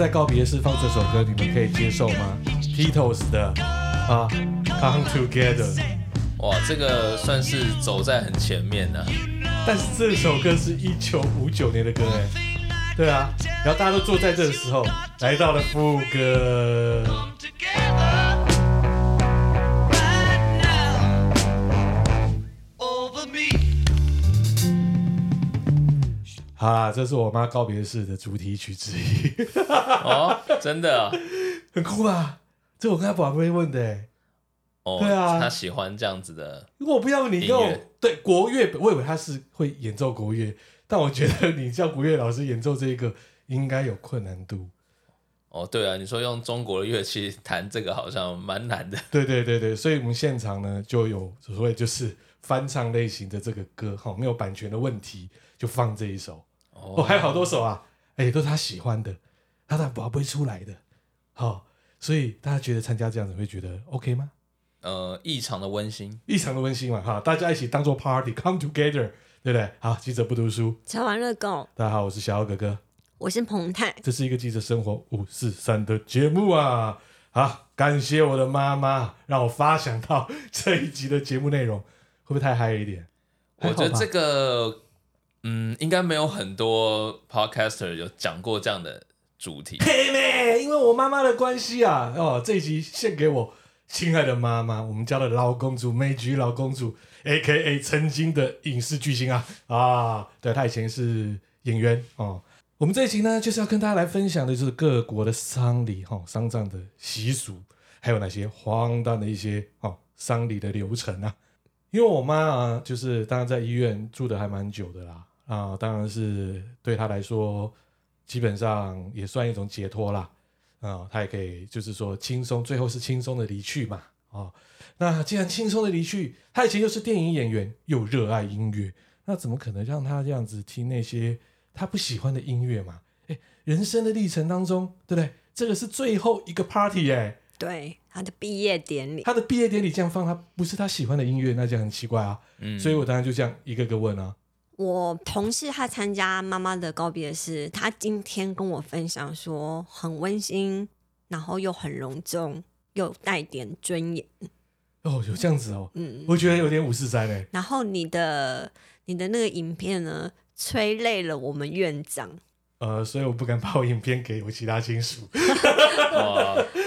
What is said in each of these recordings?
在告別式放這首歌，你們可以接受嗎？Beatles 的啊，Come Together。哇，這個算是走在很前面的、啊。但是這首歌是一九五九年的歌哎，對啊。然後大家都坐在這個時候，來到了副歌。好啦，這是我媽告別式的主題曲之一。 哦，真的啊，很酷啊！這我剛才寶貝問的，哎，哦，對啊，他喜歡這樣子的。如果我不要你用對國樂，我以為他是會演奏國樂，但我覺得你叫國樂老師演奏這一個應該有困難度。哦，對啊，你說用中國的樂器彈這個好像蠻難的。對對對對，所以我們現場呢就有所謂就是翻唱類型的這個歌，好，哦，沒有版權的問題，就放這一首。我、oh, 哦、還有好多首啊，哎、欸，都是他喜歡的，他的寶貝出來的，好，所以大家覺得參加這樣子會覺得 OK 嗎？呃，異常的溫馨，異常的溫馨嘛，哈，大家一起當做 party，come together，對不對？好，記者不讀書，潮玩樂購，大家好，我是小豪葛格，我是彭太，這是一個記者生活五四三的節目啊，好，感謝我的媽媽讓我發想到這一集的節目內容，會不會太嗨一點？我覺得這個。嗯，應該沒有很多 podcaster 有講過這樣的主題。嘿妹，因為我媽媽的關係啊，哦，這一集獻給我親愛的媽媽，我們家的老公主，美菊老公主，AKA 曾經的影視巨星啊啊，對，她以前是演員哦。我們這一集呢，就是要跟大家來分享的就是各國的喪禮哈，喪葬的習俗，還有那些荒誕的一些哦喪禮的流程啊。因為我媽啊，就是當然在醫院住的還蠻久的啦。啊、哦，當然是對他來說，基本上也算一種解脫啦。啊、哦，他也可以就是說輕鬆，最後是輕鬆的離去嘛。啊、哦，那既然輕鬆的離去，他以前又是電影演員，又熱愛音樂，那怎麼可能讓他這樣子聽那些他不喜歡的音樂嘛？哎，人生的歷程當中，對不對？這個是最後一個 party 哎、欸，對，他的畢業典禮，他的畢業典禮這樣放他不是他喜歡的音樂，那就很奇怪啊。嗯，所以我當然就這樣一個個問啊。我同事他參加媽媽的告別式，他今天跟我分享說很溫馨，然後又很隆重，又帶點尊嚴。哦，有這樣子哦，嗯，我覺得有點五四三。嘞。然後你的你的那個影片呢，催淚了我們院長。呃，所以我不敢把我影片給我其他親屬。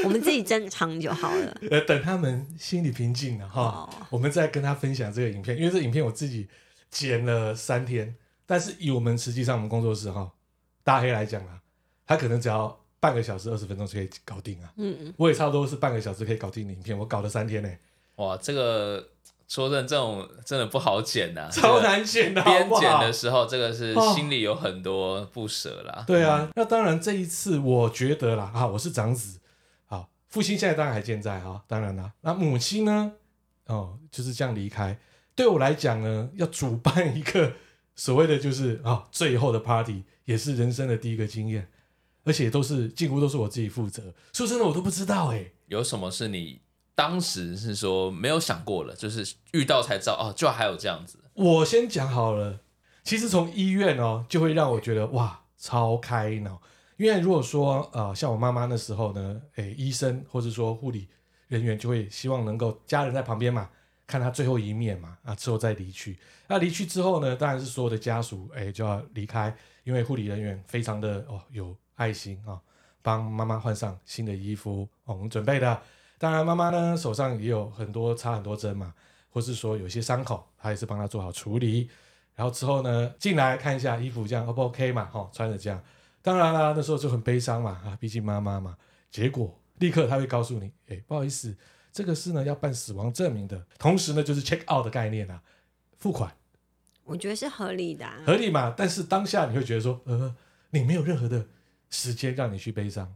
我們自己珍藏就好了。呃，等他們心裡平靜了哈，哦、我們再跟他分享這個影片，因為這影片我自己。剪了三天，但是以我們實際上我們工作室哈，大黑來講啊，他可能只要半個小時二十分鐘就可以搞定啊。嗯，我也差不多是半個小時可以搞定影片，我搞了三天呢、欸。哇，這個說真的，這種真的不好剪吶、啊，超難剪的。邊、這個、剪的時候，這個是心裡有很多不舍啦。哦嗯、對啊，那當然這一次我覺得啦啊，我是長子，好，父親現在當然還健在啊，當然啦，那母親呢，哦，就是這樣離開。對我來講呢，要主辦一個所謂的就是啊、哦、最後的 party，也是人生的第一個經驗，而且都是幾乎都是我自己負責。說真的，我都不知道哎、欸，有什麼是你當時是說沒有想過了，就是遇到才知道哦，就還有這樣子。我先講好了，其實從醫院哦，就會讓我覺得哇超開腦，因為如果說啊、呃，像我媽媽那時候呢，哎、欸，醫生或者說護理人員就會希望能夠家人在旁邊嘛。看他最後一面嘛，啊，之後再離去。那、啊、離去之後呢，當然是所有的家屬哎、欸、就要離開，因為護理人員非常的哦有愛心啊，幫媽媽換上新的衣服、哦、我們準備的。當然媽媽呢手上也有很多插很多針嘛，或是說有些傷口，她也是幫她做好處理。然後之後呢進來看一下衣服這樣 O 不 OK 嘛？哈、哦，穿着這樣。當然啦、啊，那時候就很悲傷嘛啊，畢竟媽媽嘛。結果立刻她會告訴你，哎、欸，不好意思。這個是呢要辦死亡證明的，同時呢就是 check out 的概念啊，付款，我覺得是合理的、啊，合理嘛？但是當下你會覺得說，呃，你沒有任何的時間讓你去悲傷啊、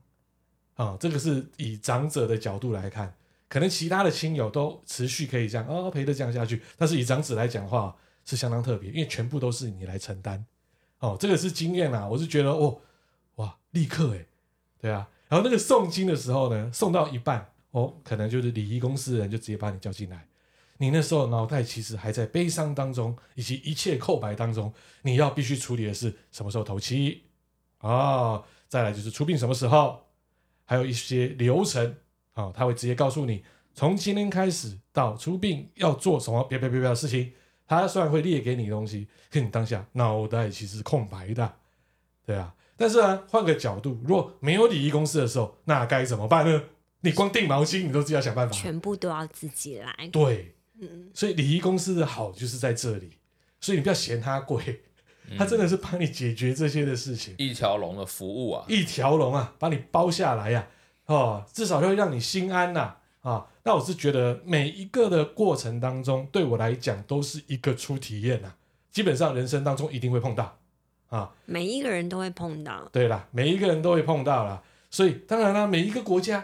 哦。這個是以長者的角度來看，可能其他的親友都持續可以這樣啊、哦、陪着這樣下去，但是以長子來講話是相當特別，因為全部都是你來承擔。哦，這個是經驗啊，我是覺得哦，哇，立刻哎，對啊。然後那個誦經的時候呢，誦到一半。哦，可能就是禮儀公司的人就直接把你叫進來，你那時候腦袋其實還在悲傷當中，以及一切空白當中，你要必須處理的是什麼時候頭七啊、哦，再來就是出殯什麼時候，還有一些流程哦，他會直接告訴你，從今天開始到出殯要做什麼，別別別別的事情，他雖然會列給你東西，可你當下腦袋其實是空白的，對啊，但是呢、啊，換個角度，如果沒有禮儀公司的時候，那該怎麼辦呢？你光訂毛巾，你都自己要想辦法，全部都要自己來。對，嗯，所以禮儀公司的好就是在這裡，所以你不要嫌它貴，它、嗯、真的是幫你解決這些的事情，一條龍的服務啊，一條龍啊，把你包下來呀、啊，哦，至少會讓你心安吶、啊，啊、哦，那我是覺得每一個的過程當中，對我來講都是一個初體驗吶、啊，基本上人生當中一定會碰到啊，哦、每一個人都會碰到，對啦，每一個人都會碰到啦。所以當然啦，每一個國家。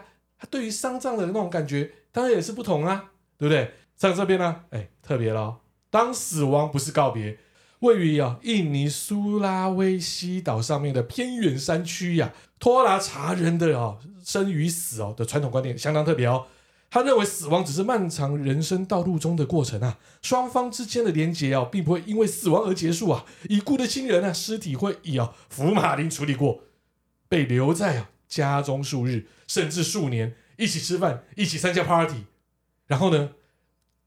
對於喪葬的那種感覺，當然也是不同啊，對不對？在這邊呢、啊，特別了、哦。當死亡不是告別，位於、哦、印尼蘇拉威西島上面的偏遠山區呀、啊，托拉查人的哦，生與死哦的傳統觀念相當特別哦。他認為死亡只是漫長人生道路中的過程啊，雙方之間的連結哦，並不會因為死亡而結束啊。已故的親人呢、啊，屍體會以啊、哦、福馬林處理過，被留在啊。家中數日，甚至數年，一起吃飯，一起參加 party，然後呢，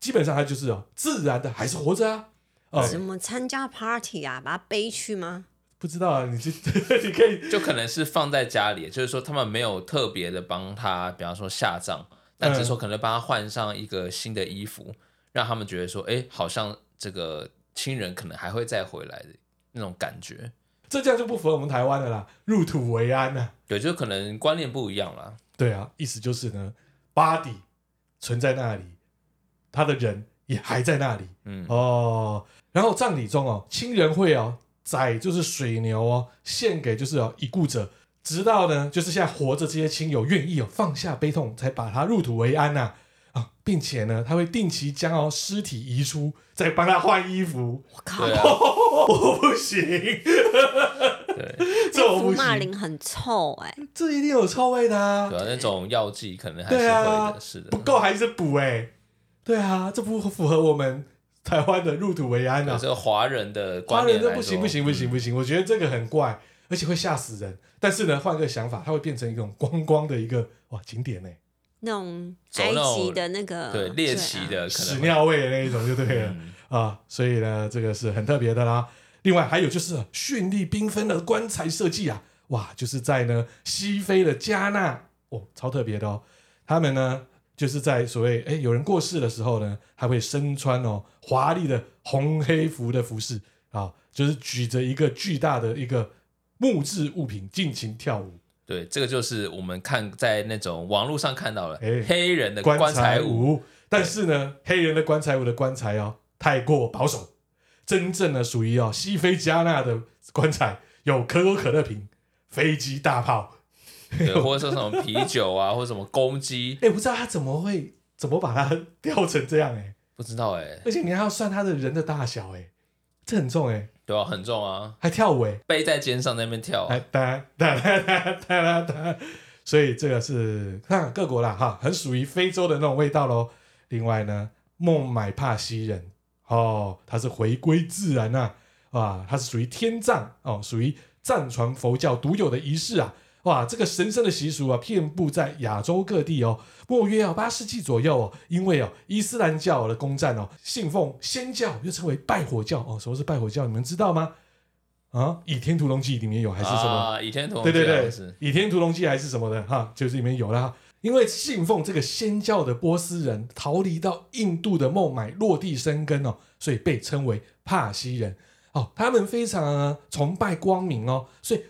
基本上他就是、哦、自然的還是活着啊。哦，什麼參加 party 啊，把他背去嗎？不知道啊，你就 你可以，就可能是放在家裡，就是說他們沒有特別的幫他，比方說下葬，但只是說可能幫他換上一個新的衣服，讓他們覺得說，哎，好像這個親人可能還會再回來的那種感覺。這這樣就不符合我們台灣的啦，入土為安吶。對，就可能觀念不一樣啦。對啊，意思就是呢，body 存在那裡，他的人也還在那裡，嗯哦，然後葬禮中哦，親人會哦宰就是水牛哦獻給就是哦已故者，直到呢就是現在活着這些親友願意哦放下悲痛，才把他入土為安吶。啊、並且呢，他會定期將哦屍體移出，再幫他換衣服。我靠，哦啊、我不行。 對，這福馬林很臭哎、欸，這一定有臭味的啊。對啊，那種藥劑可能還是會的、啊、是的，不夠還是補哎、欸？對啊，這不符合我們台灣的入土為安啊。這個華人的觀念來說，不行不行不行不行，我覺得這個很怪，而且會嚇死人。但是呢，換個想法，它會變成一種光光的一個哇景點呢、欸。那種，那種埃及的那個對獵奇的、啊、屎尿味的那一種就對了 啊，所以呢，這個是很特別的啦。另外還有就是絢麗繽紛的棺材設計啊，哇，就是在呢西非的加納哦，超特別的哦。他們呢就是在所謂哎有人過世的時候呢，還會身穿哦華麗的紅黑服的服飾啊、哦，就是舉着一個巨大的一個木質物品盡情跳舞。對，這個就是我們看在那種網絡上看到了黑人的棺材舞，欸、棺材舞，但是呢，欸、黑人的棺材舞的棺材哦太過保守，真正的屬於哦西非加納的棺材有可口可樂瓶、飛機大炮，對有或者說什麼啤酒啊， 或者什麼公雞。哎、欸，不知道他怎麼會怎麼把它吊成這樣、欸？哎，不知道哎、欸。而且你還要算他的人的大小、欸，哎，這很重哎、欸。對啊，很重啊，還跳舞、欸，背在肩上在那邊跳、啊，噠噠噠噠噠噠噠，所以這個是看各國啦哈，很屬於非洲的那種味道嘍。另外呢，孟買帕西人哦，他是回歸自然吶、啊，哇，他是屬於天葬哦，屬於藏傳佛教獨有的儀式啊。哇，這個神聖的習俗啊，遍布在亞洲各地哦。莫約啊，八世紀左右哦，因為哦、啊，伊斯蘭教的攻占哦，信奉祆教又稱為拜火教哦。什麼是拜火教？你們知道嗎？啊，《倚天屠龍記》裡面有還是什麼？啊《倚天屠龍》對對對，《倚天屠龍記》還是什麼的哈，就是裡面有啦。因為信奉這個祆教的波斯人逃離到印度的孟買落地生根哦，所以被稱為帕西人哦。他們非常、啊、崇拜光明哦，所以。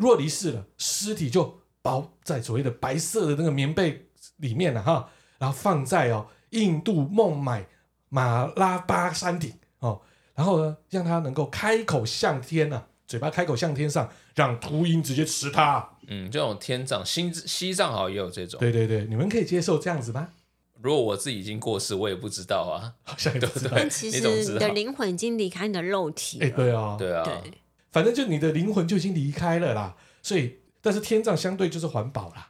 若離世了，屍體就包在所謂的白色的那個棉被裡面了、啊、哈，然後放在哦印度孟買馬拉巴山頂哦，然後呢，讓它能夠開口向天吶、啊，嘴巴開口向天上，讓禿鷹直接吃它、啊。嗯，這種天葬，新、西藏好像也有這種。對對對，你們可以接受這樣子嗎？如果我自己已經過世，我也不知道啊，好像都知道，但其實你的靈魂已經離開你的肉體了。對啊、欸，對啊。對啊對。反正就你的靈魂就已經離開了啦，所以但是天葬相對就是環保啦，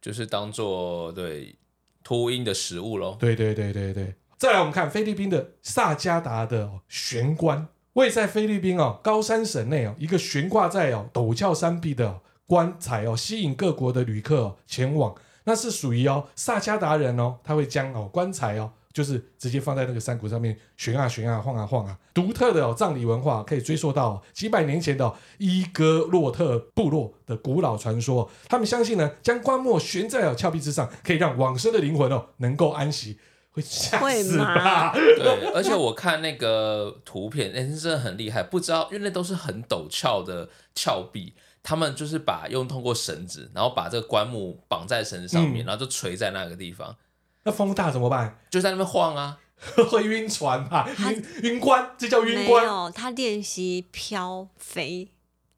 就是當做對禿鷹的食物嘍。對對對對對，再來我們看菲律賓的薩加達的懸、哦、棺，位在菲律賓哦，高山省內哦，一個懸掛在哦陡峭山壁的、哦、棺材哦，吸引各國的旅客、哦、前往，那是屬於哦薩加達人哦，他會將哦棺材哦。就是直接放在那個山谷上面懸啊懸啊晃啊晃啊，獨特的哦葬禮文化可以追溯到、哦、幾百年前的、哦、伊格洛特部落的古老傳說。他們相信呢，將棺木懸在、哦、峭壁之上，可以讓往生的靈魂哦能夠安息。會嚇死吧會嗎？ 對，而且我看那個圖片，哎、欸，真的很厲害。不知道，因為那都是很陡峭的峭壁，他們就是把用通過繩子，然後把這個棺木綁在繩子上面，嗯、然後就垂在那個地方。那風大怎麼辦？就在那邊晃啊，會暈船啊，暈暈棺？這叫暈棺？哦，沒有，他練習飄飛，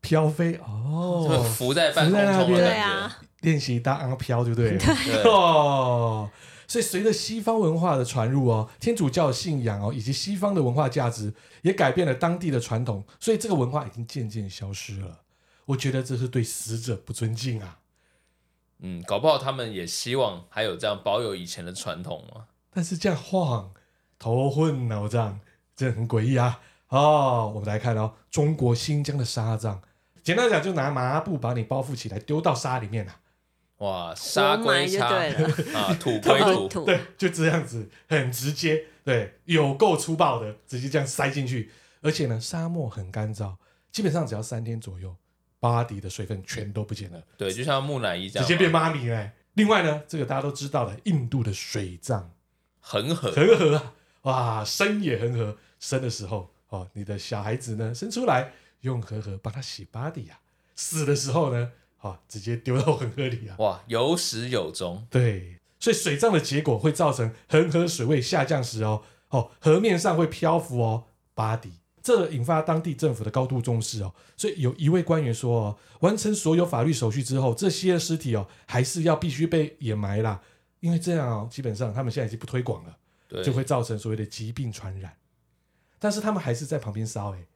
飄飛哦，oh, 是是浮在半空中對啊，練習當飄，對不對？對哦。所以隨着西方文化的傳入哦，天主教的信仰哦，以及西方的文化價值，也改變了當地的傳統。所以這個文化已經漸漸消失了。我覺得這是對死者不尊敬啊。嗯，搞不好他們也希望還有這樣保有以前的傳統嘛？但是這樣晃，頭昏腦脹，這很詭異啊！哦，我們來看哦，中國新疆的沙葬，簡單講就拿麻布把你包覆起來，丟到沙裡面了。啊，哇，沙歸沙，啊，土歸土，對，就這樣子，很直接，對，有夠粗暴的，直接這樣塞進去。而且呢，沙漠很乾燥，基本上只要三天左右。Body 的水分全都不見了，對，就像木乃伊這樣，直接變媽咪哎。另外呢，這個大家都知道了，印度的水葬，恆河，恆河啊，哇，生也恆河，生的時候哦，你的小孩子呢生出來用恆河，河把他洗 body 呀，啊，死的時候呢，啊、哦，直接丟到恆河裡啊，哇，有始有終，對，所以水葬的結果會造成恆河水位下降時哦，哦，河面上會漂浮哦 body。這引發當地政府的高度重視哦，所以有一位官員說：“哦，完成所有法律手續之後，這些屍體哦，還是要必須被掩埋啦，因為這樣哦，基本上他們現在已經不推廣了，對就會造成所謂的疾病傳染。但是他們還是在旁邊燒，欸，哎，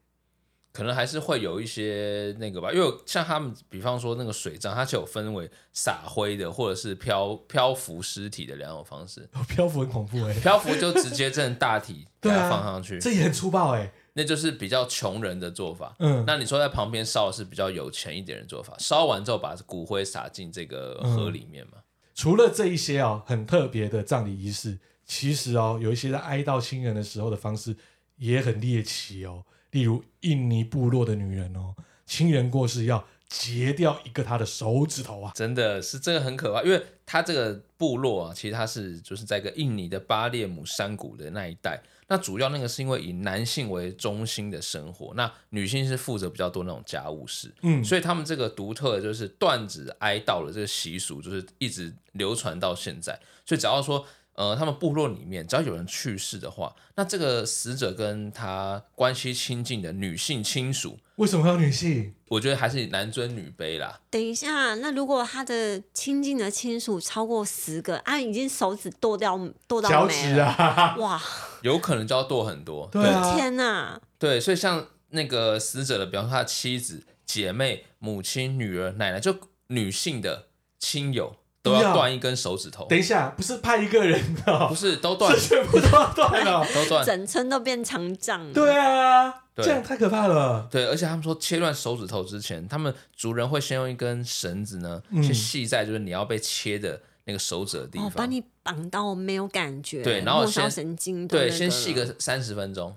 可能還是會有一些那個吧，因為像他們，比方說那個水葬，它就有分為撒灰的或者是漂漂浮屍體的兩種方式。漂浮很恐怖哎，欸，漂浮就直接在大體對啊 放上去，這也很粗暴哎，欸。”那就是比較窮人的做法。嗯，那你說在旁邊燒是比較有錢一點的做法，燒完之後把骨灰撒進這個河裡面嘛，嗯。除了這一些哦，很特別的葬禮儀式，其實哦，有一些在哀悼親人的時候的方式也很獵奇哦。例如印尼部落的女人哦，親人過世要截掉一個她的手指頭啊，真的是這個很可怕，因為他這個部落啊，其實它是就是在一個印尼的巴列姆山谷的那一帶。那主要那個是因為以男性為中心的生活，那女性是負責比較多那種家務事，嗯，所以他們這個獨特的就是斷指哀悼的這個習俗，就是一直流傳到現在。所以只要說，呃，他們部落裡面只要有人去世的話，那這個死者跟他關係親近的女性親屬，為什麼要女性？我覺得還是男尊女卑啦。等一下，那如果他的親近的親屬超過十個，啊，已經手指剁掉，剁到腳趾啊，哇！有可能就要剁很多。對，天哪。對，所以像那個死者的，比方說他妻子、姐妹、母親、女兒、奶奶，就女性的親友都要斷一根手指頭。等一下，不是派一個人的？哦，不是都斷，是全部都要斷了，都斷，整村都變成障。對啊，這樣太可怕了。對，而且他們說，切斷手指頭之前，他們族人會先用一根繩子呢，去繫、嗯、在就是你要被切的，那個手指的地方，把你綁到沒有感覺，對，然後磨神經，對，先吸個三十分鐘，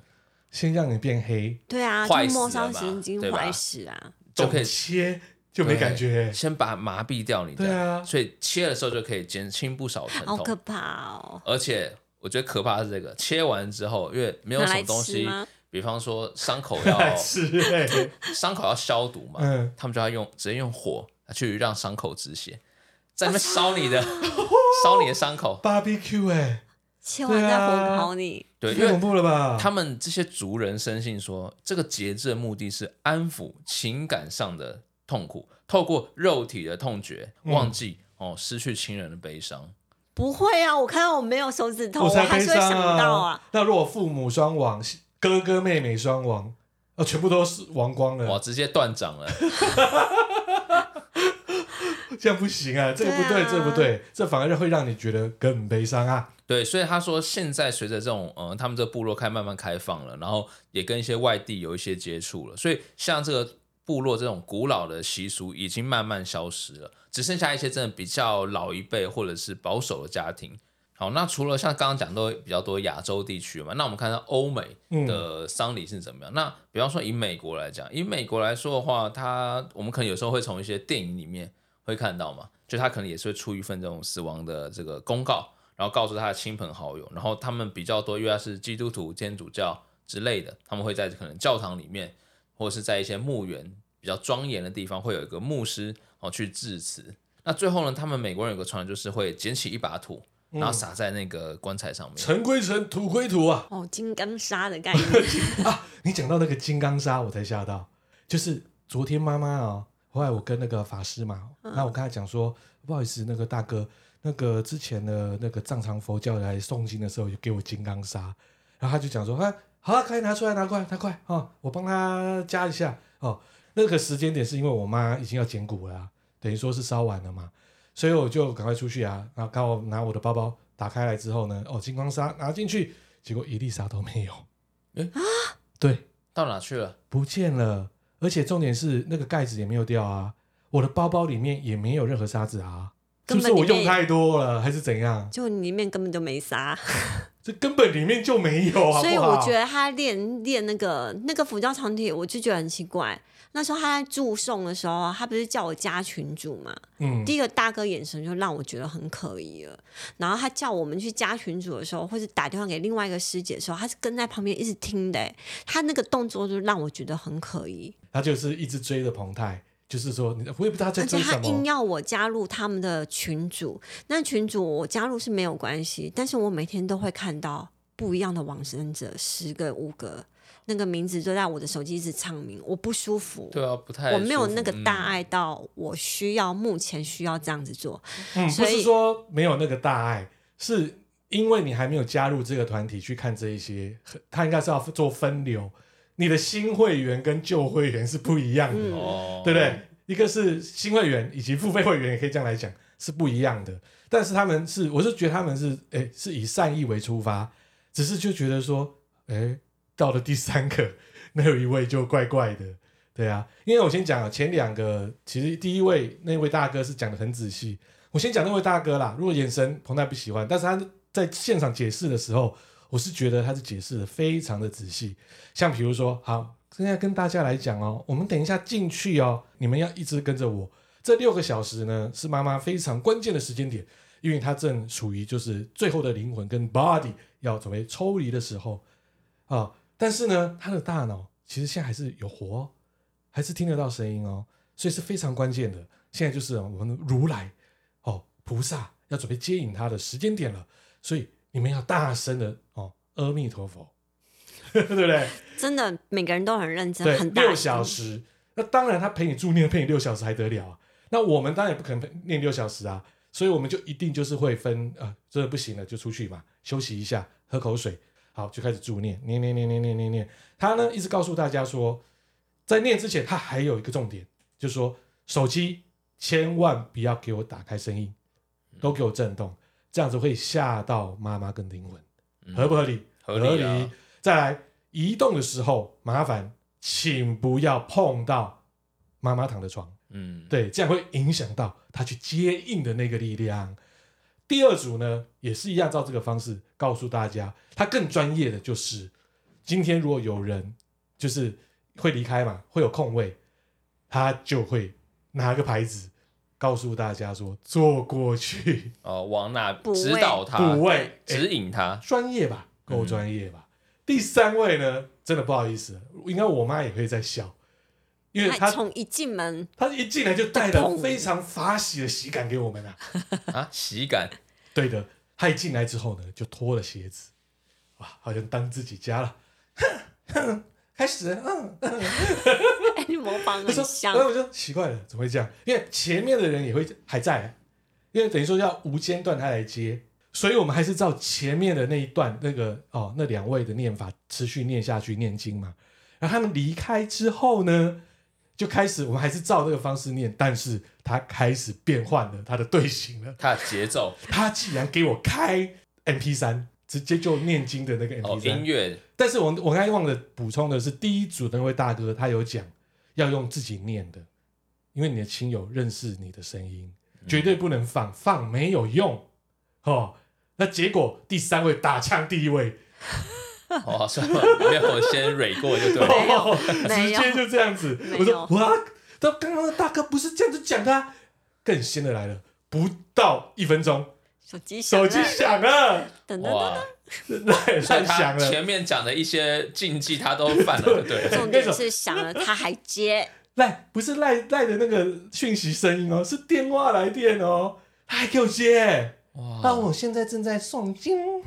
先讓你變黑，對啊，壞死嘛，對吧？壞死啊，就可以切就沒感覺，先把麻痹掉你，對啊，所以切的時候就可以減輕不少疼痛，好可怕哦！而且我覺得可怕是這個，切完之後因為沒有什麼東西，比方說傷口要，對，傷口要消毒嘛，他們就要用直接用火去讓傷口止血。在那燒你的，燒、oh, 你的傷口。芭比 Q。b 哎，千萬在要烤你。對，啊、對，太恐怖了吧？他們這些族人深信說，這個截肢的目的是安撫情感上的痛苦，透過肉體的痛覺，忘記、嗯、哦失去親人的悲傷。不會啊，我看到我沒有手指頭，我，啊、我還是會想到啊。那如果父母雙亡，哥哥妹妹雙亡、哦，全部都是亡光了，哇，直接斷掌了。 這樣不行啊！這個、不對，對啊，這不對，這反而會讓你覺得更悲傷啊！對，所以他說，現在隨着這種呃，他們這個部落開始慢慢開放了，然後也跟一些外地有一些接觸了，所以像這個部落這種古老的習俗已經慢慢消失了，只剩下一些真的比較老一輩或者是保守的家庭。好，那除了像剛剛講到比較多亞洲地區嘛，那我們看到歐美的喪禮是怎麼樣？嗯、那比方說，以美國來講，以美國來說的話，它我們可能有時候會從一些電影裡面。會看到嗎？就他可能也是會出一份這種死亡的這個公告，然後告訴他的親朋好友。然後他們比較多，因為他是基督徒、天主教之類的，他們會在可能教堂裡面，或者是在一些墓園比較莊嚴的地方，會有一個牧師哦去致辭。那最後呢，他們美國人有個傳統，就是會撿起一把土，然後撒在那個棺材上面，嗯，塵歸塵，土歸土啊。哦，金剛砂的概念 啊！你講到那個金剛砂，我才想到，就是昨天媽媽啊、哦。後來我跟那個法師嘛，那、嗯、我跟他講說，不好意思，那個大哥，那個之前的那個藏傳佛教來誦經的時候，就給我金剛砂，然後他就講說，啊，好啊，可以拿出來，拿過來，拿過來，哦，我幫他加一下，哦，那個時間點是因為我媽已經要撿骨了、啊，等於說是燒完了嘛，所以我就趕快出去啊，然後我拿我的包包打開來之後呢，哦，金剛砂拿進去，結果一粒沙都沒有，哎啊，對，到哪去了？不見了。而且重點是那個蓋子也沒有掉啊，我的包包裡面也沒有任何沙子啊，是不是我用太多了還是怎樣？就裡面根本就沒沙， 這根本裡面就沒有， 好不好？所以我覺得他練練那個那個浮臥撐體，我就覺得很奇怪。那時候他在助誦的時候，他不是叫我加群組嘛？嗯，第一個大哥眼神就讓我覺得很可疑了。然後他叫我們去加群組的時候，或者打電話給另外一個師姐的時候，他是跟在旁邊一直聽的。他那個動作就讓我覺得很可疑。他就是一直追着彭太，就是說，我也不知道他在追什麼？而且他硬要我加入他們的群組，那群組我加入是沒有關係，但是我每天都會看到不一樣的往生者，嗯、十個五個。那個名字就在我的手機一直唱名，我不舒服。對啊，不太舒服我沒有那個大愛到我需要、嗯、目前需要這樣子做，嗯、所以不是說沒有那個大愛，是因為你還沒有加入這個團體去看這一些，他應該是要做分流。你的新會員跟舊會員是不一樣的，嗯、對不對？一個是新會員以及付費會員，也可以這樣來講是不一樣的。但是他們是，我是覺得他們是哎、欸，是以善意為出發，只是就覺得說哎。欸到了第三個，那有一位就怪怪的，對啊，因為我先講啊，前兩個其實第一位那位大哥是講得很仔細，我先講那位大哥啦。如果眼神彭太不喜歡，但是他在現場解釋的時候，我是覺得他是解釋得非常的仔細，像比如說，好，現在跟大家來講哦，我們等一下進去哦，你們要一直跟着我，這六個小時呢是媽媽非常關鍵的時間點，因為她正處於就是最後的靈魂跟 body 要準備抽離的時候啊。但是呢，他的大腦其實現在還是有活、哦，還是聽得到聲音哦，所以是非常關鍵的。現在就是、哦、我們的如來哦，菩薩要準備接引他的時間點了，所以你們要大聲的哦，阿彌陀佛，呵呵對不對？真的，每個人都很認真，對很大聲。六小時。那當然，他陪你助念陪你六小時還得了啊。那我們當然也不可能念六小時啊，所以我們就一定就是會分啊，這、呃、不行了就出去嘛，休息一下，喝口水。好，就開始助念，念念念念念念念念。他呢，一直告訴大家說，在念之前，他還有一個重點，就是說手機千萬不要給我打開聲音，都給我震動，這樣子會嚇到媽媽跟靈魂，嗯、合不合理？合理哦、合理。再來，移動的時候麻煩，請不要碰到媽媽躺的床，嗯，對，這樣會影響到他去接應的那個力量。第二組呢，也是一樣照這個方式告訴大家。他更專業的就是，今天如果有人就是會離開嘛，會有空位，他就會拿個牌子告訴大家說，坐過去。哦、呃，往哪？指導他，補位，指引他，專業吧，夠專業吧？嗯、第三位呢，真的不好意思，應該我媽也可以在笑。因為他從一進門，他一進來就帶了非常法喜的喜感給我們啊，喜感，對的。他一進來之後呢，就脫了鞋子，哇，好像當自己家了。開始，嗯嗯，模仿。你 說，那我就奇怪了，怎麼會這樣？因為前面的人也會還在，啊，因為等於說要無間斷他來接，所以我們還是照前面的那一段那個哦，那兩位的念法持續念下去念經嘛。然後他們離開之後呢？就開始，我們還是照這個方式念，但是他開始變換了他的隊形了，他的節奏。 他竟然給我開 M P 三，直接就念經的那個 M P 三。哦，音樂。但是我我剛才忘了補充的是，第一組的那位大哥，他有講要用自己念的，因為你的親友認識你的聲音，絕對不能放，放沒有用。哦，那結果第三位打槍，第一位。 哦，算了，沒有我先蕊過就對了，直接就這樣子。有我說哇，他剛剛大哥不是這樣子講的、啊。更新的來了，不到一分鐘，手機手機響了，等等等等，賴、嗯嗯嗯嗯、他前面講的一些禁忌他都犯了，就對了，對。說重點是響了，他還接。賴不是賴賴的那個訊息聲音哦，是電話來電哦，還給我接。哇，那、啊、我現在正在誦經。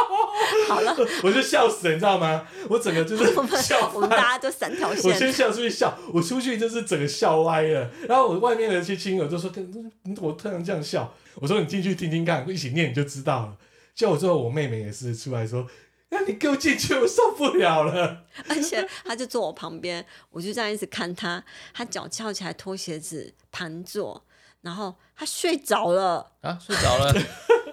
好了，我就笑死了，你知道嗎？我整個就是我們大家就三條線。我先笑出去笑，我出去就是整個笑歪了。然後我外面的一些親友就說：“你怎麼突然這樣笑。”我說：“你進去聽聽看，一起念你就知道了。”叫我之後，我妹妹也是出來說：“那、啊、你給我進去，我受不了了。”而且她就坐我旁邊，我就這樣一直看她，她腳翹起來脫鞋子盤坐，然後她睡着了啊，睡着了。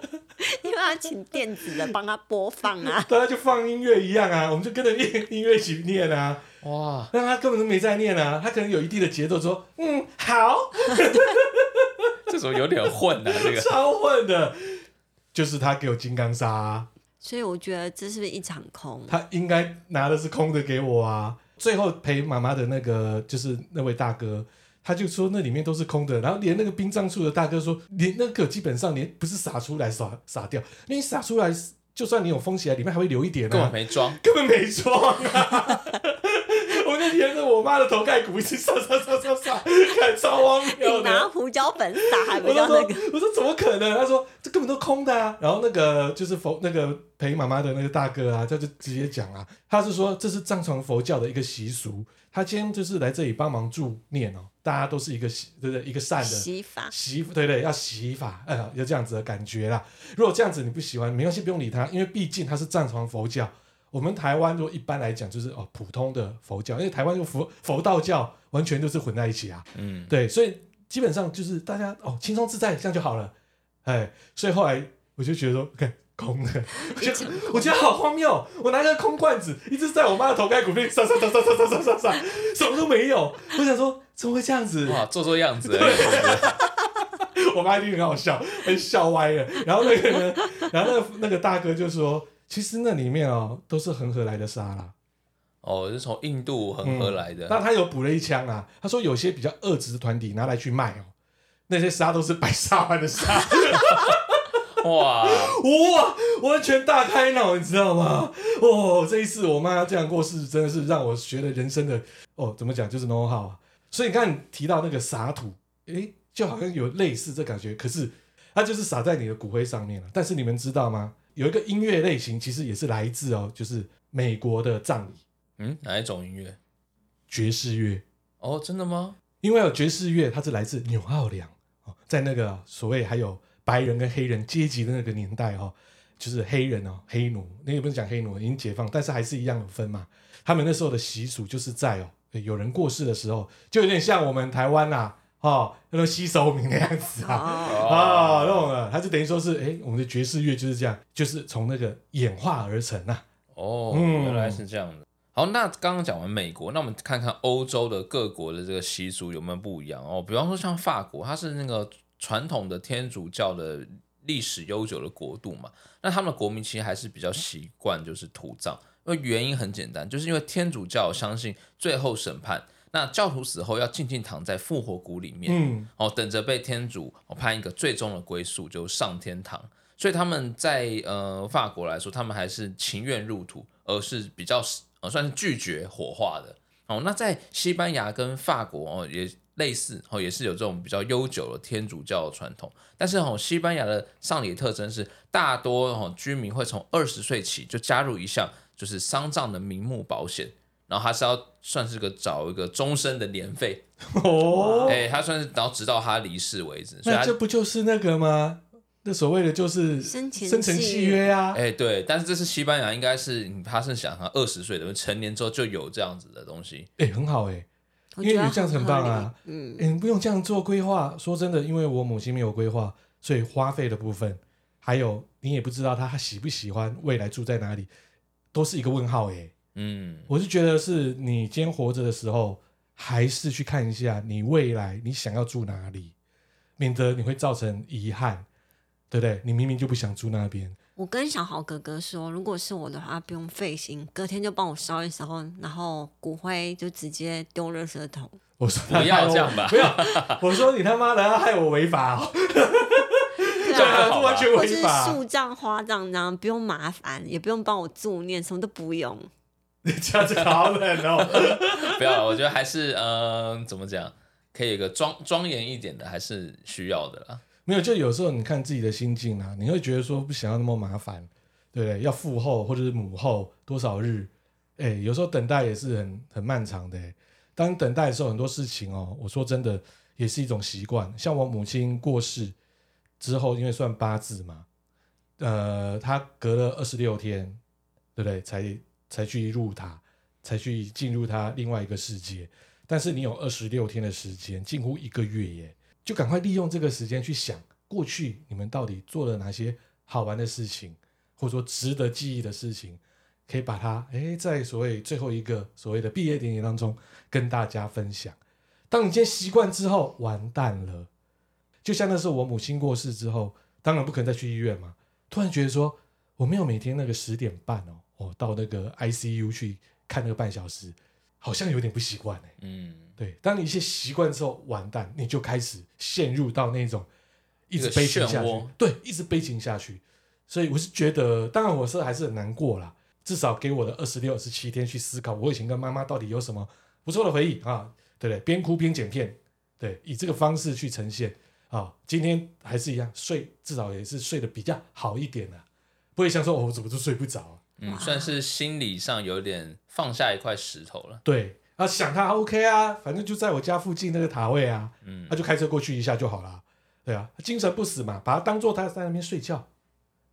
因為他請電子的幫他播放啊，對啊，就放音樂一樣啊，我們就跟着音音樂一起念啊，哇，但他根本都沒在念啊，他可能有一定的節奏說，說嗯好。 這時候有點混啊。這個 超混的。就是他給我金剛砂，啊，所以我覺得這是不是一場空？他應該拿的是空的給我啊，最後陪媽媽的那個就是那位大哥。他就說那裡面都是空的，然後連那個殯葬處的大哥說，連那個基本上連不是撒出來撒撒掉，因為撒出來就算你有封起來，裡面還會留一點。根本沒裝，根本沒裝啊！我就拿着我媽的頭蓋骨一直撒撒撒撒撒，撒完，得拿胡椒粉撒，我說我說怎麼可能？他說這根本都空的啊！然後那個就是佛那個陪媽媽的那個大哥啊，他就直接講啊，他是說這是藏傳佛教的一個習俗，他今天就是來這裡幫忙助念哦。大家都是一個對不對？一個善的洗法，洗對不對，要洗法，哎、有要這樣子的感覺啦。如果這樣子你不喜歡，沒關係，不用理他，因為畢竟他是藏傳佛教。我們台灣如果一般來講就是哦，普通的佛教，因為台灣就佛佛道教完全就是混在一起啊。嗯，對，所以基本上就是大家哦輕鬆自在這樣就好了。哎，所以後來我就覺得說，OK。我覺得好荒謬。我拿個空罐子，一直在我媽的頭蓋骨邊刷刷刷刷刷刷什麼都沒有。我想說，怎麼會這樣子？哇，做做樣子。我媽一定很好笑，很笑歪了。然後那個呢，然後那個那個大哥就說，其實那裡面哦，都是恆河來的沙啦。哦，是從印度恆河來的。但他有補了一槍啊？他說有些比較惡質的團體拿來去賣哦，那些沙都是白沙灣的沙。哇哇，完全大開腦，你知道嗎？哦，這一次我媽這樣過世，真的是讓我學了人生的哦，怎麼講就是 know how 啊。所以你看提到那個撒土，誒、欸、就好像有類似這感覺，可是它就是撒在你的骨灰上面了。但是你們知道嗎？有一個音樂類型其實也是來自哦，就是美國的葬禮。嗯，哪一種音樂？爵士樂。哦，真的嗎？因為有、哦、爵士樂，它是來自紐奧良，在那個所謂還有。白人跟黑人階級的那個年代、哦、就是黑人哦，黑奴，那個不是講黑奴已經解放，但是還是一樣有分嘛。他們那時候的習俗就是在哦，有人過世的時候，就有點像我們台灣吶、啊哦，那種、個、西索米的樣子啊啊、哦哦、那種，他就等於說是、欸，我們的爵士樂就是這樣，就是從那個演化而成吶、啊。哦，嗯、原來是這樣子。好，那剛剛講完美國，那我們看看歐洲的各國的這個習俗有沒有不一樣哦？比方說像法國，它是那個。傳統的天主教的歷史悠久的國度嘛，那他們的國民其實還是比較習慣就是土葬，那原因很簡單，就是因為天主教相信最後審判，那教徒死後要靜靜躺在復活谷裡面，嗯，哦，等着被天主哦、判一個最終的歸宿，就是、上天堂，所以他們在呃法國來說，他們還是情願入土，而是比較呃、哦、算是拒絕火化的。哦，那在西班牙跟法國哦也。類似哦，也是有這種比較悠久的天主教的傳統，但是哦，西班牙的喪禮特徵是，大多哦居民會從二十歲起就加入一項就是喪葬的名目保險，然後他是要算是個找一個終身的年費哦，哎、欸，他算是然後直到他離世為止。所以這不就是那個嗎？那所謂的就是生前生前契約啊？哎、欸，對，但是這是西班牙應該，應該是你他是想他二十歲成年之後就有這樣子的東西，哎、欸，很好哎、欸。因為有這樣子很棒啊，嗯、欸，你不用這樣做規劃。說真的，因為我母親沒有規劃，所以花費的部分，還有你也不知道她喜不喜歡未來住在哪裡，都是一個問號誒、欸、嗯，我是覺得是你今天活着的時候，還是去看一下你未來你想要住哪裡，免得你會造成遺憾，對不對？你明明就不想住那邊。我跟小豪哥哥說，如果是我的話，不用費心，隔天就幫我燒一燒，然後骨灰就直接丟垃圾桶。我說我不要這樣吧， 不要！我說你他媽的要害我違法！ 就對啊，完全違法。或是樹葬、花葬，然後不用麻煩， 也不用幫我助念，什麼都不用。你這樣子好狠哦！不要，我覺得還是嗯、呃，怎麼講，可以一個莊莊嚴一點的，還是需要的啦。沒有，就有時候你看自己的心境啊，你會覺得說不想要那麼麻煩，對不對？要父後或者是母後多少日？誒，有時候等待也是很很漫長的。當等待的時候，很多事情哦，我說真的也是一種習慣。像我母親過世之後，因為算八字嘛，呃，她隔了二十六天，對不對？才才去入塔，才去進入她另外一個世界。但是你有二十六天的時間，近乎一個月耶。就趕快利用這個時間去想，過去你們到底做了哪些好玩的事情，或者說值得記憶的事情，可以把它誒在所謂最後一個所謂的畢業典禮當中跟大家分享。當你今天習慣之後，完蛋了。就像那時候我母親過世之後，當然不可能再去醫院嘛。突然覺得說，我沒有每天那個十點半哦，我到那個 ICU 去看那個半小時。好像有點不習慣呢。嗯，對，當你一些習慣之後，完蛋，你就開始陷入到那種一直悲情下去，對，一直悲情下去。所以我是覺得，當然我是還是很難過啦。至少給我的二十六、二十七天去思考，我以前跟媽媽到底有什麼不錯的回憶啊？對不對，對？邊哭邊剪片，對，以這個方式去呈現啊。今天還是一樣睡，至少也是睡得比較好一點了，啊，不會像說、哦、我怎麼都睡不着、啊。嗯，算是心理上有點放下一塊石頭了。啊、對，啊，想他 OK 啊，反正就在我家附近那個塔位啊，嗯，他、啊、就開車過去一下就好了。對啊，精神不死嘛，把他當做他在那邊睡覺，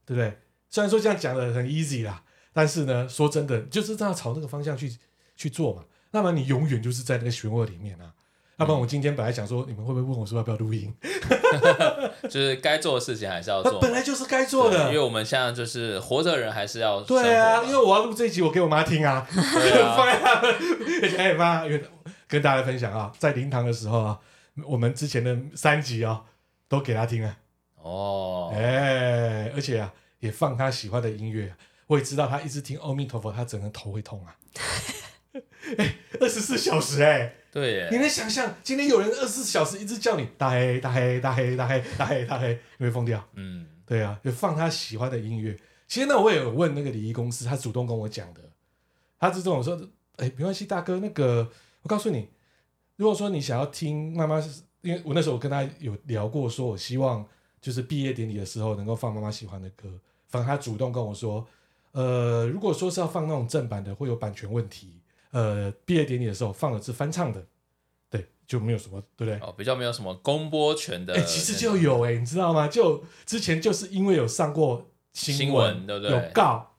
對不對？雖然說這樣講的很 easy 啦，但是呢，說真的，就是讓他朝那個方向去去做嘛，那麼你永遠就是在那個漩渦裡面啊。要、啊、不然我今天本來想說，你們會不會問我說要不要錄音？就是該做的事情還是要做，本來就是該做的。因為我們現在就是活着人還是要啊，對啊，因為我要錄這一集，我給我媽聽啊，啊，放哎媽，跟大家分享啊、哦，在靈堂的時候啊、哦，我們之前的三集啊、哦，都給她聽啊。哦，哎，而且啊，也放她喜歡的音樂，我也知道她一直聽阿彌陀佛，她整個頭會痛啊。哎、欸，二十四小時哎、欸。對，你能想象今天有人二十四小時一直叫你大黑大黑大黑大黑大黑大黑、黑，你會瘋掉？嗯，對啊，就放他喜歡的音樂。其實呢，我也有問那個禮儀公司，他主動跟我講的，他是這種說，哎、欸，沒關係，大哥，那個我告訴你，如果說你想要聽媽媽，因為我那時候我跟他有聊過，說我希望就是畢業典禮的時候能夠放媽媽喜歡的歌，反正他主動跟我說，呃，如果說是要放那種正版的，會有版權問題。呃，畢業典禮的時候放的是翻唱的，對，就沒有什麼，對不對？哦，比較沒有什麼公播權的。哎、欸，其實就有哎、欸，你知道嗎？就之前就是因為有上過新聞，對不對？有告、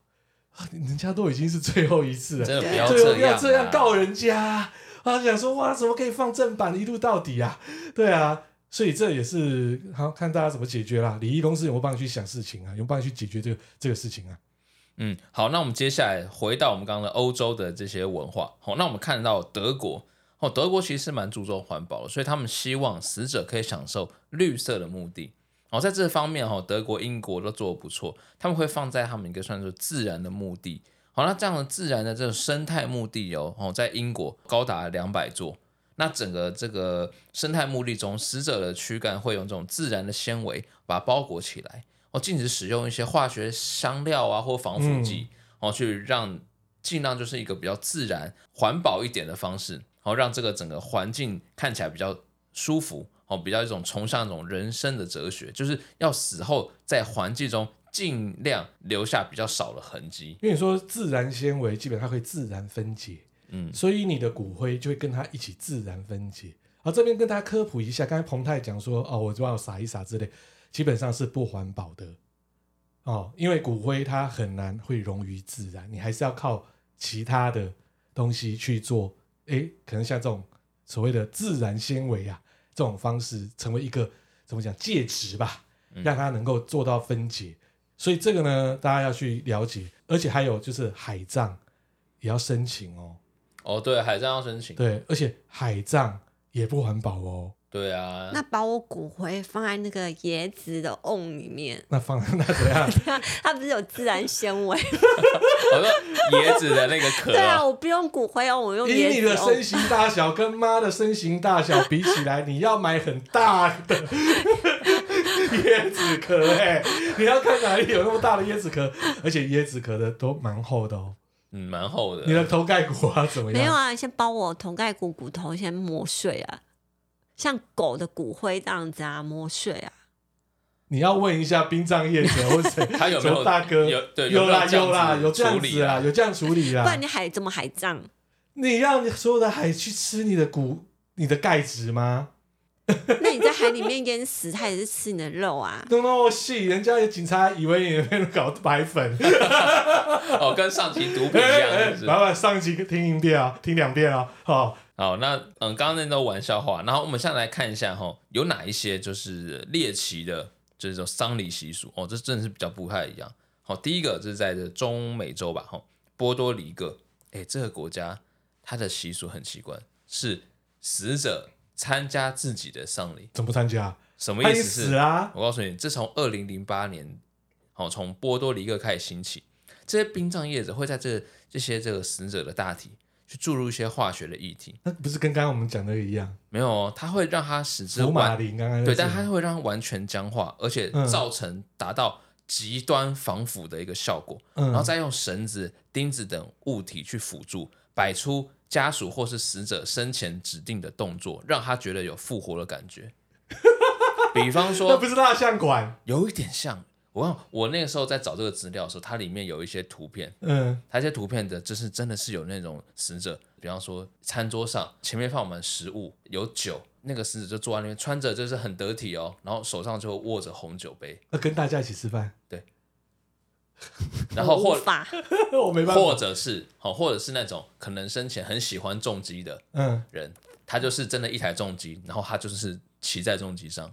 啊、人家都已經是最後一次了，這不要這樣、啊、要這樣告人家。好像想說哇，怎麼可以放正版一路到底啊？對啊，所以這也是好、啊、看大家怎麼解決啦。禮儀公司有沒有幫你去想事情啊，有沒有幫你去解決這個這個事情啊。嗯，好，那我們接下來回到我們剛剛的歐洲的這些文化。好，那我們看到德國，哦，德國其實蠻注重環保的，所以他們希望死者可以享受綠色的墓地。哦，在這方面，哦，德國、英國都做得不錯。他們會放在他們一個算是自然的墓地。好，那這樣的自然的這種生態墓地哦，哦，在英國高達兩百座。那整個這個生態墓地中，死者的軀幹會用這種自然的纖維把它包裹起來。哦，禁止使用一些化學香料啊，或防腐劑、嗯，哦，去讓盡量就是一個比較自然、環保一點的方式，然、哦、後讓這個整個環境看起來比較舒服，哦，比較一種崇尚一種人生的哲學，就是要死後在環境中尽量留下比較少的痕迹。因為你說自然纖維，基本上會自然分解，嗯，所以你的骨灰就會跟它一起自然分解。好，這邊跟大家科普一下，剛才彭太講說，哦，我就要撒一撒之類。基本上是不環保的哦，因為骨灰它很難會溶於自然，你還是要靠其他的東西去做。誒、欸，可能像這種所謂的自然纖維啊，這種方式成為一個怎麼講介質吧，讓它能夠做到分解。嗯、所以這個呢，大家要去了解。而且還有就是海葬也要申請哦。哦，對，海葬要申請。對，而且海葬也不環保哦。對啊，那把我骨灰放在那個椰子的甕裡面。那放那怎樣？ 它不是有自然纖維？我說、 哦、椰子的那個殼、哦。對啊，我不用骨灰哦，我用椰子。以你的身形大小跟媽的身形大小比起來， 你要買很大的 椰子殼哎、欸，你要看哪裡有那麼大的椰子殼？而且椰子殼的都蠻厚的哦。嗯，蠻厚的。你的頭蓋骨啊怎麼樣？沒有啊，先把我頭蓋骨骨頭先磨碎啊。像狗的骨灰這樣子啊，磨碎啊。你要問一下殯葬業者，或者他有沒有大哥？有對有啦有啦有這樣子啦，有這樣處理啦、啊。不然你海怎麼海葬？你讓你所有的海去吃你的骨，你的鈣質嗎？那你在海裡面淹死，他也 是吃你的肉啊。no no no，是人家警察以為你被人搞白粉， 哦跟上集毒品一樣是是。來來、欸欸、上集聽一遍啊，聽兩、哦、遍啊、哦，好。好，那嗯，剛剛那都玩笑話，然後我們現在來看一下哈、哦，有哪一些就是獵奇的，就是說喪禮習俗哦，這真的是比較不太一樣。好、哦，第一個就是在這中美洲吧，哈、哦，波多黎各，誒、欸，這個國家它的習俗很奇怪，是死者參加自己的喪禮。怎麼參加？什麼意思是？是、啊、我告訴你，自從二零零八年，哦，從波多黎各開始興起，這些殯葬業者會在這個、這些這個死者的大體，去注入一些化學的液體，那不是跟剛剛我們講的一樣？沒有哦，它會讓它使之，福馬林剛剛，對，但它會讓它完全僵化，而且造成達到極端防腐的一個效果，嗯，然後再用繩子、釘子等物體去輔助，擺出家屬或是死者生前指定的動作，讓他覺得有復活的感覺。 比方說，這 不是蠟像館，有一點像。我我那個時候在找這個資料的時候，它裡面有一些圖片，嗯，它一些圖片的就是真的是有那種死者，比方說餐桌上前面放滿食物，有酒，那個死者就坐在那邊，穿着就是很得體哦，然後手上就握着紅酒杯。啊，跟大家一起吃飯，對。 然後或我，無 我沒辦法，或者是好，哦，或者是那種可能生前很喜歡重機的人，嗯，人他就是真的一台重機，然後他就是騎在重機上。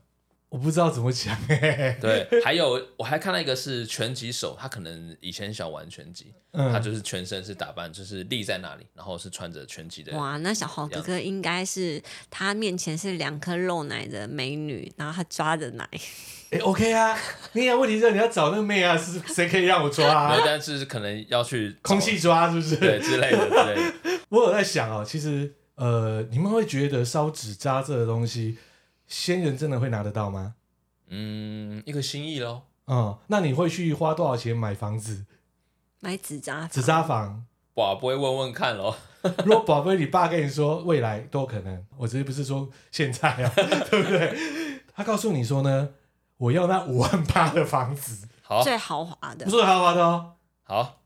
我不知道怎麼講嘿、欸、對， 還有我還看到一個是拳擊手，他可能以前想玩拳擊，嗯、他就是全身是打扮，就是立在那裡，然後是穿着拳擊的。哇，那小豪葛格應該是他面前是兩顆露奶的美女，然後他抓着奶。哎、欸、OK 啊，那、 啊、問題是你要找那個妹啊，是誰可以讓我抓啊？啊 但是可能要去空氣抓，是不是？ 對，之類的之類的。我有在想啊、喔，其實呃，你們會覺得燒紙扎這個東西？先人真的會拿得到嗎？嗯，一個心意嘍。嗯，那你會去花多少錢買房子？買紙紮紙紮房？哇，不會問問看嘍。如果寶貝，你爸跟你說未來都有可能，我只是不是說現在啊， 對不對？他告訴你說呢，我要那五萬八的房子，好，最豪華的，不是豪華的、的哦，好，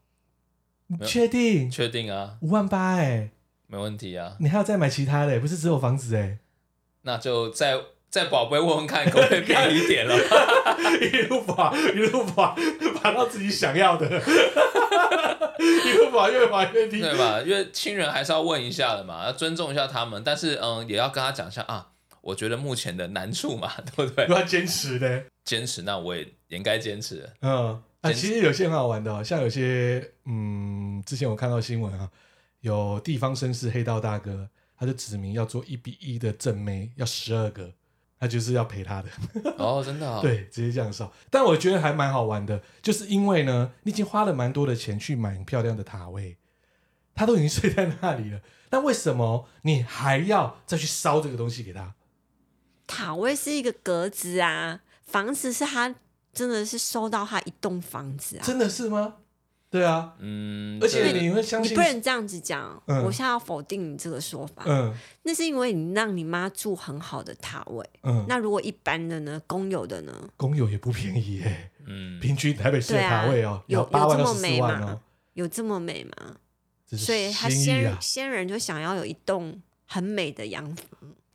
你確定？確定啊，五萬八，欸，哎，沒問題啊。你還要再買其他的、欸？不是只有房子哎，欸？那就在。在寶貝問問看，可不可以便宜點了 跑。一路爬，一路爬，爬到自己想要的。一 路爬，越爬越低。對吧？因為親人還是要問一下的嘛，要尊重一下他們。但是，嗯，也要跟他講一下啊，我覺得目前的難處嘛，對不對？都要堅持的。堅持，那我也應該堅持。嗯，啊，持其實有些很好玩的，哦，像有些，嗯，之前我看到新聞啊，有地方紳士黑道大哥，他就指明要做一比一的正妹，要十二個。他就是要陪他的、， oh, 真的哦，對，直接這樣燒。但我覺得還蠻好玩的，就是因為呢，你已經花了蠻多的錢去買漂亮的塔位，他都已經睡在那裡了，那為什麼你還要再去燒這個東西給他？塔位是一個格子啊，房子是他真的是收到他一棟房子啊，真的是嗎？對啊，嗯，而且你，你，你不能這樣子講，嗯、我現在要否定你這個說法，嗯，那是因為你讓你媽住很好的塔位，嗯，那如果一般的呢，公有的呢？公有也不便宜，嗯、欸，平均台北市的塔位哦、喔，嗯喔、有八萬、十萬哦，有這麼美嗎？有這麼美嗎？所以，他先先人就想要有一棟很美的洋房，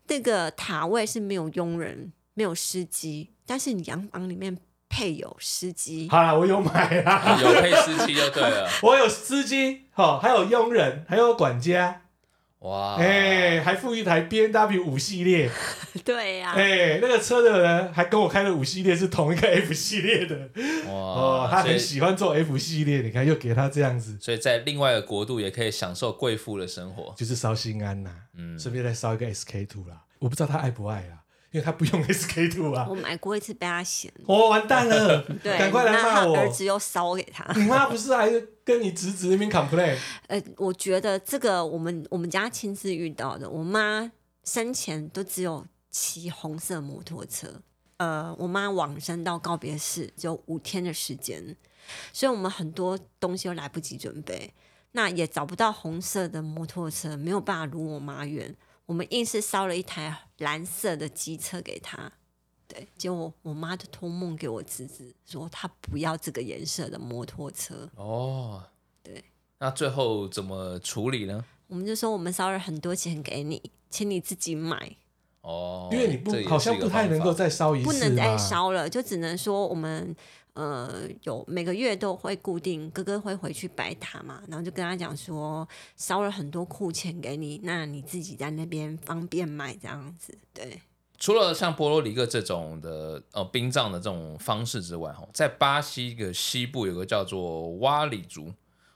這、那個塔位是沒有傭人、沒有司機，但是你洋房裡面。配有司機，好啦，我有買啦。啊、有配司機就對了。 我有司機，哦，還有傭人，還有管家，哇，哎、欸，還附一台 B N W 五系列，對呀、啊，哎、欸，那個車的人還跟我開的五系列是同一個 F 系列的，哇，哦，他很喜歡坐 F 系列，以你看又給他這樣子，所以在另外一個國度也可以享受貴婦的生活，就是燒心安吶、啊，嗯，順便再燒一個 S K Two 啦，我不知道他愛不愛啦、啊。因為他不用 SK two 啊，我買過一次被他嫌，我、哦、完蛋了，okay. 對趕快來罵我。他兒子又燒給他，你媽不是還跟你侄子那邊 complain 呃，我覺得這個我們我們家親自遇到的，我媽生前都只有騎紅色摩托車。呃，我媽往生到告別式就五天的時間，所以我們很多東西都來不及準備，那也找不到紅色的摩托車，沒有辦法如我媽願。我們硬是燒了一台藍色的機車給他，對，結果我媽就托夢給我侄子，說他不要這個顏色的摩托車。哦，對，那最後怎麼處理呢？我們就說我們燒了很多錢給你，請你自己買。哦，對因為你不對好像不太能夠再燒一次啊，不能再燒了，就只能說我們。呃，有每個月都會固定哥哥會回去拜塔嘛，然後就跟他講說，燒了很多庫錢給你，那你自己在那邊方便買這樣子。對，除了像波羅里克這種的呃，殯葬的這種方式之外，哦，在巴西的西，西部有個叫做瓦里族，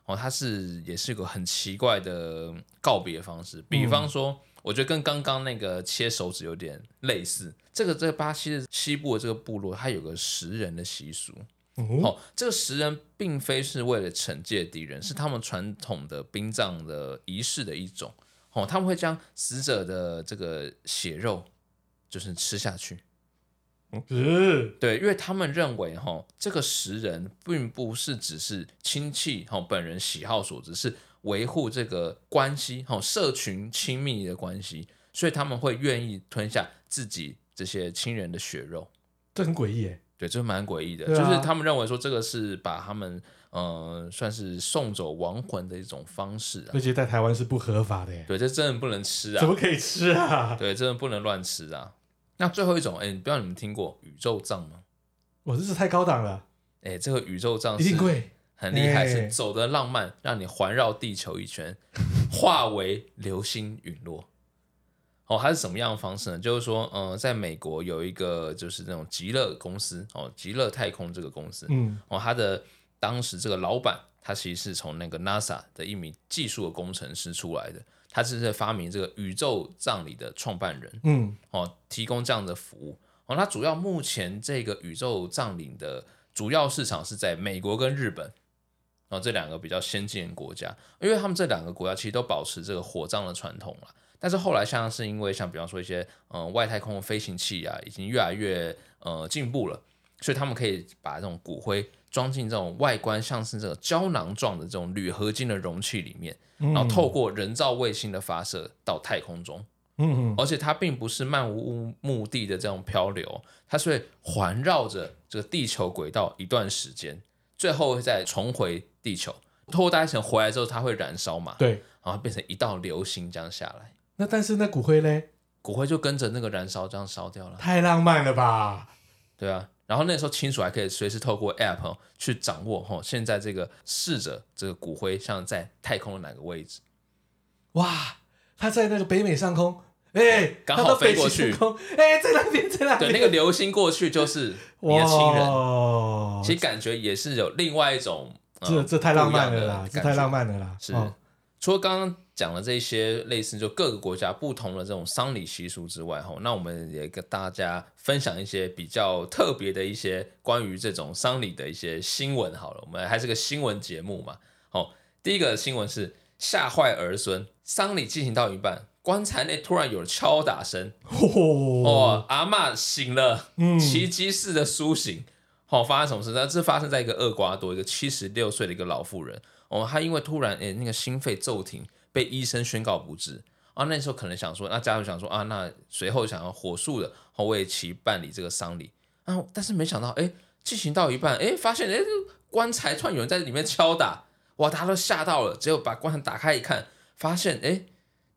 哦，它是也是一個很奇怪的告別方式，比方說，我覺得跟剛剛那個切手指有點類似。這個在、這個、巴西的西部的這個部落，它有個食人的習俗。哦、哦，這個食人並非是為了懲戒敵人，是他們傳統的殯葬的儀式的一種。哦，他們會將死者的這個血肉就是吃下去。嗯、對，因為他們認為，哈、哦，這個食人並不是只是親戚哈、哦、本人喜好所致，是維護這個關係哈、哦、社群親密的關係，所以他們會願意吞下自己，這些親人的血肉，這很詭異耶。對，這蠻詭異的，啊、就是他們認為說這個是把他們嗯、呃，算是送走亡魂的一種方式、啊。而且在台灣是不合法的耶，對，這真的不能吃啊！怎麼可以吃啊？對，真的不能亂吃啊。啊那最後一種，哎，不知道你們聽過宇宙葬嗎？哇，這是太高檔了。哎，這個宇宙葬一定貴、很厲害，是很厲害、欸、是走的浪漫，讓你環繞地球一圈，化為流星隕落。 哦，它是什麼樣的方式呢？就是說，嗯、呃，在美國有一個就是那種極樂公司哦，極樂太空這個公司，嗯，哦，他的當時這個老板，他其實是從那個 NASA 的一名技術的工程師出來的，他是在發明這個宇宙葬禮的創辦人，嗯，哦，提供這樣的服務，哦，他主要目前這個宇宙葬禮的主要市場是在美國跟日本，哦，這兩個比較先進的國家，因為他們這兩個國家其實都保持這個火葬的傳統了。但是後來，像是因為像比方說一些嗯、呃、外太空的飛行器啊，已經越來越呃進步了，所以他們可以把這種骨灰裝進這種外觀像是這種膠囊狀的這種鋁合金的容器裡面，然後透過人造衛星的發射到太空中。嗯嗯。而且它並不是漫無無目的的這種漂流，它是會環繞着這個地球軌道一段時間，最後再重回地球。透過大氣層回來之後，它會燃燒嘛？對。然後變成一道流星這樣下來。那但是那骨灰嘞？骨灰就跟着那個燃燒這樣燒掉了，太浪漫了吧？對啊，然後那時候親屬還可以隨時透過 App 去掌握、哦、現在這個逝者這個骨灰像在太空的哪個位置？哇，他在那個北美上空，哎、欸，剛好飛過去，哎、欸，在那邊，在那邊，對，那個流星過去就是你的親人，哇其實感覺也是有另外一種，呃、這這太浪漫了啦，太浪漫了啦，是，哦、除了剛剛。講了這些類似就各個國家不同的這種喪禮習俗之外，哈，那我們也跟大家分享一些比較特別的一些關於這種喪禮的一些新聞。好了，我們還是個新聞節目嘛，好。第一個新聞是嚇壞兒孫，喪禮進行到一半，棺材內突然有敲打聲，哦，哦，阿嬤醒了，嗯，奇蹟式的甦醒。好、哦，發生什麼事呢？這是發生在一個厄瓜多，一個七十六歲的一個老婦人，哦，她因為突然誒、欸、那個心肺驟停。被醫生宣告不治啊！那時候可能想說，那家屬想說啊，那隨後想要火速的為其辦理這個喪禮啊，但是沒想到，哎、欸，進行到一半，哎、欸，發現，哎、欸，棺材突然有人在裡面敲打，哇，大家都嚇到了，結果把棺材打開一看，發現，哎、欸，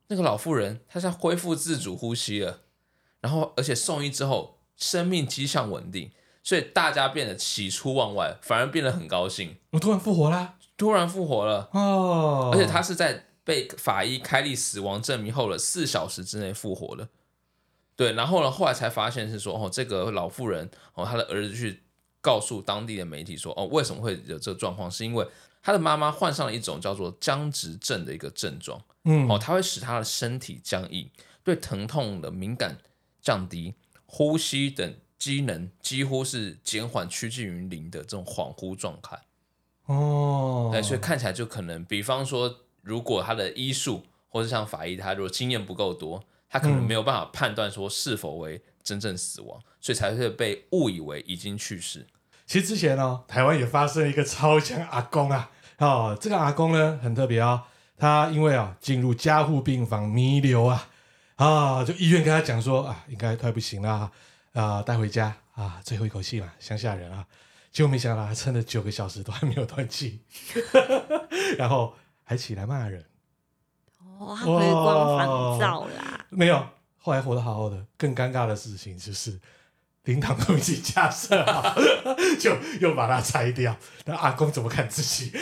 那個老婦人她在恢復自主呼吸了，然後而且送醫之後生命跡象穩定，所以大家變得喜出望外，反而變得很高興。我突然復活了，突然復活了哦，oh. 而且她是在。被法醫開立死亡證明後的四小時之內復活了，對，然後呢？後來才發現是說，哦，這個老婦人，哦，她的兒子去告訴當地的媒體說，哦，為什麼會有這個狀況？是因為她的媽媽患上了一種叫做僵直症的一個症狀，嗯，哦，她會使她的身體僵硬，對疼痛的敏感降低，呼吸等機能幾乎是減緩趨近於零的這種恍惚狀態，哦，對，所以看起來就可能，比方說。如果他的醫術，或是像法醫，他如果經驗不夠多，他可能沒有辦法判斷說是否為真正死亡，嗯、所以才會被誤以為已經去世。其實之前呢、哦，台灣也發生了一個超強阿公啊，哦，這個阿公呢很特別啊、哦。他因為啊、哦、進入加護病房彌留啊啊，就醫院跟他講說啊，應該快不行了啊，帶、啊、回家啊，最後一口氣了，鄉下人啊，結果沒想到他撐了九個小時都還沒有斷氣， 然後。還起來罵人，哦，回光返照啦、哦！沒有，後來活得好好的。更尷尬的事情就是，靈堂都已經架設好了 就又把它拆掉。那阿公怎麼看自己？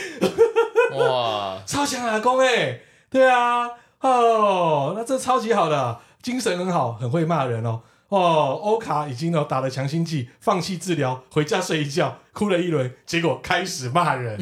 哇，超強阿公哎、欸，對啊，哦，那這超級好的，精神很好，很會罵人哦。哦，歐卡已經有打了強心劑，放棄治療，回家睡一覺，哭了一輪，結果開始罵人，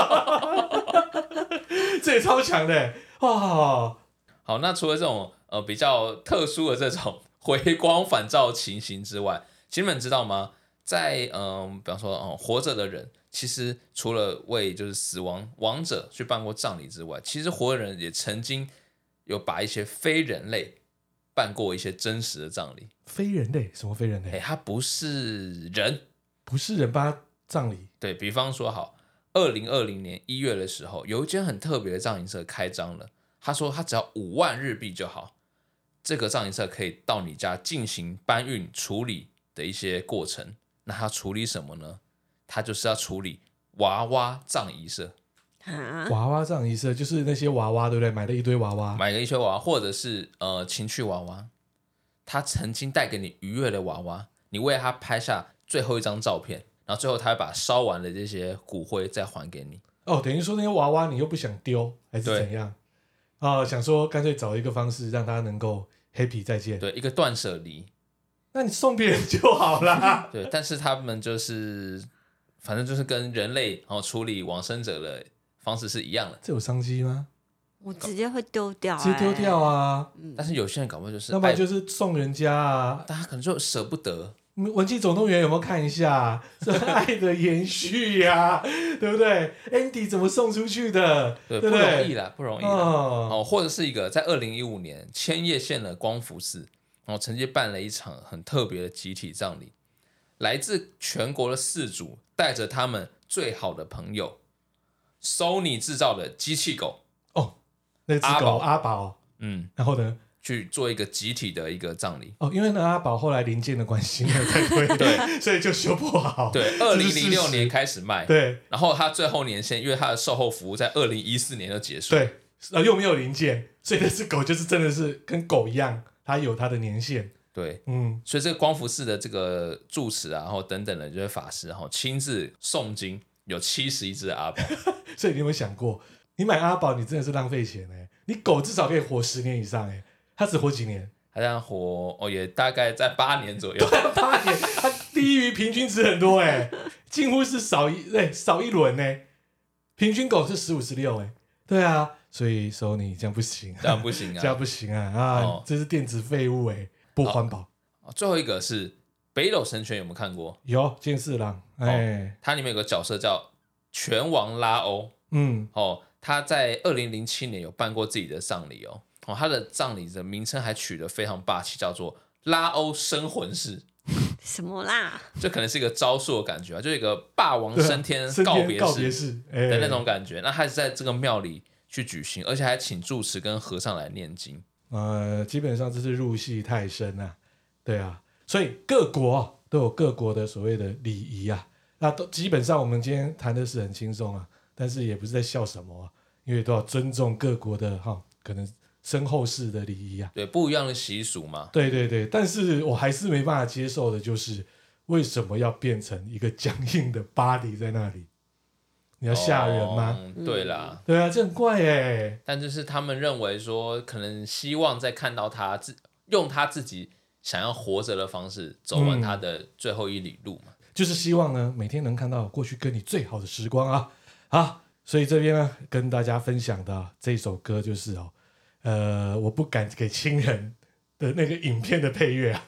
這也超強的哇！哦、好，那除了這種呃比較特殊的這種回光返照情形之外，親們知道嗎？在嗯、呃，比方說哦、呃，活着的人其實除了為就是死亡亡者去辦過葬禮之外，其實活人也曾經有把一些非人類。辦過一些真實的葬禮，非人類？什麼非人類？哎、欸，他不是人，不是人吧？葬禮，對，比方說哈，二零二零年一月的時候，有一間很特別的葬儀社開張了。他說他只要五萬日幣就好，這個葬儀社可以到你家進行搬運、處理的一些過程。那他處理什麼呢？他就是要處理娃娃葬儀社。蛤娃娃這樣意思，就是那些娃娃，對不對？買了一堆娃娃，買了一堆娃娃，或者是呃情趣娃娃，他曾經帶給你愉悅的娃娃，你為他拍下最後一張照片，然後最後他會把燒完的這些骨灰再還給你。哦，等於說那些娃娃你又不想丟，還是怎樣？啊對、呃，想說乾脆找一個方式讓他能夠 happy 再見。對，一個斷舍離，那你送別人就好啦， 對，但是他們就是反正就是跟人類然後、哦、處理往生者的。方式是一樣的，這有商機嗎？我直接會丟掉，欸，直接丟掉啊！嗯、但是有些人搞不好就是，要、嗯、就是送人家啊，大家可能就捨不得。文具總動員有沒有看一下？ 這愛的延續呀、啊， 對不對？Andy 怎麼送出去的？不容易了，不容易哦，哦，或者是一個在二零一五年，千葉縣的光福寺，然後曾經辦了一場很特別的集體葬禮，來自全國的飼主，帶着他們最好的朋友。Sony 製造的機器狗哦，那只狗阿寶寶，阿寶嗯，然後呢，去做一個集體的一個葬禮哦，因為那阿寶後來零件的關係太貴， 對，所以就修不好。對，二零零六年開始賣，對，然後它最後年限，因為它的售後服務在二零一四年就結束，對，然後又沒有零件，所以那只狗就是真的是跟狗一樣，它有它的年限。對，嗯，所以這個光福寺的這個住持啊，然後等等的這些法師哈，親自誦經。有七十一隻阿寶， 所以你有沒有想過，你買阿寶你真的是浪費錢呢、欸？你狗至少可以活十年以上、欸，哎，它只活幾年？它這樣活哦，也大概在八年左右。 八年，它低於平均值很多、欸，哎， 近乎是少一，對、欸，少一輪呢、欸。平均狗是十五十六，哎、欸，對啊，所以說你這樣不行，這樣不行啊，這樣不行啊，啊，哦、這是電子廢物、欸，哎，不環保、哦哦。最後一個是北斗神拳，有沒有看過？有，金四郎。哎，它、哦、裡面有個角色叫拳王拉歐，嗯，哦，他在二零零七年有辦過自己的葬禮哦，哦，他的葬禮的名稱還取得非常霸氣，叫做拉歐升魂式，什麼啦？這可能是一個招數的感覺啊，就一個霸王升天告別式的那種感覺。欸、那他還是在這個廟裡去舉行，而且還請住持跟和尚來念經。呃，基本上這是入戲太深了、啊，對啊，所以各國。都有各國的所謂的禮儀啊，那都基本上我們今天談的是很輕鬆啊，但是也不是在笑什麼啊，因為都要尊重各國的哈，可能身後事的禮儀啊，對，不一樣的習俗嘛。對對對，但是我還是沒辦法接受的，就是為什麼要變成一個僵硬的 body 在那裡？你要嚇人嗎？哦，對啦。嗯，對啊，這很怪誒、欸。但就是他們認為說，可能希望在看到他自用他自己想要活着的方式，走完他的最後一里路嘛，嗯、就是希望呢，每天能看到過去跟你最好的時光啊啊！所以這邊呢，啊，跟大家分享的這首歌就是哦，呃，我不敢給親人的那個影片的配樂啊。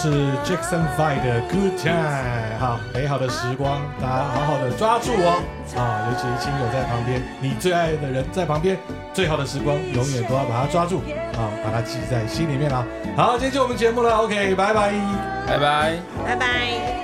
是 Jackson Five 的 Good Time 哈，美好的時光，大家好好的抓住哦，啊，尤其是親友在旁邊，你最愛的人在旁邊，最好的時光永遠都要把它抓住，啊，把它記在心裡面啊。好，今天就我們節目了，OK，拜拜，拜拜，拜拜。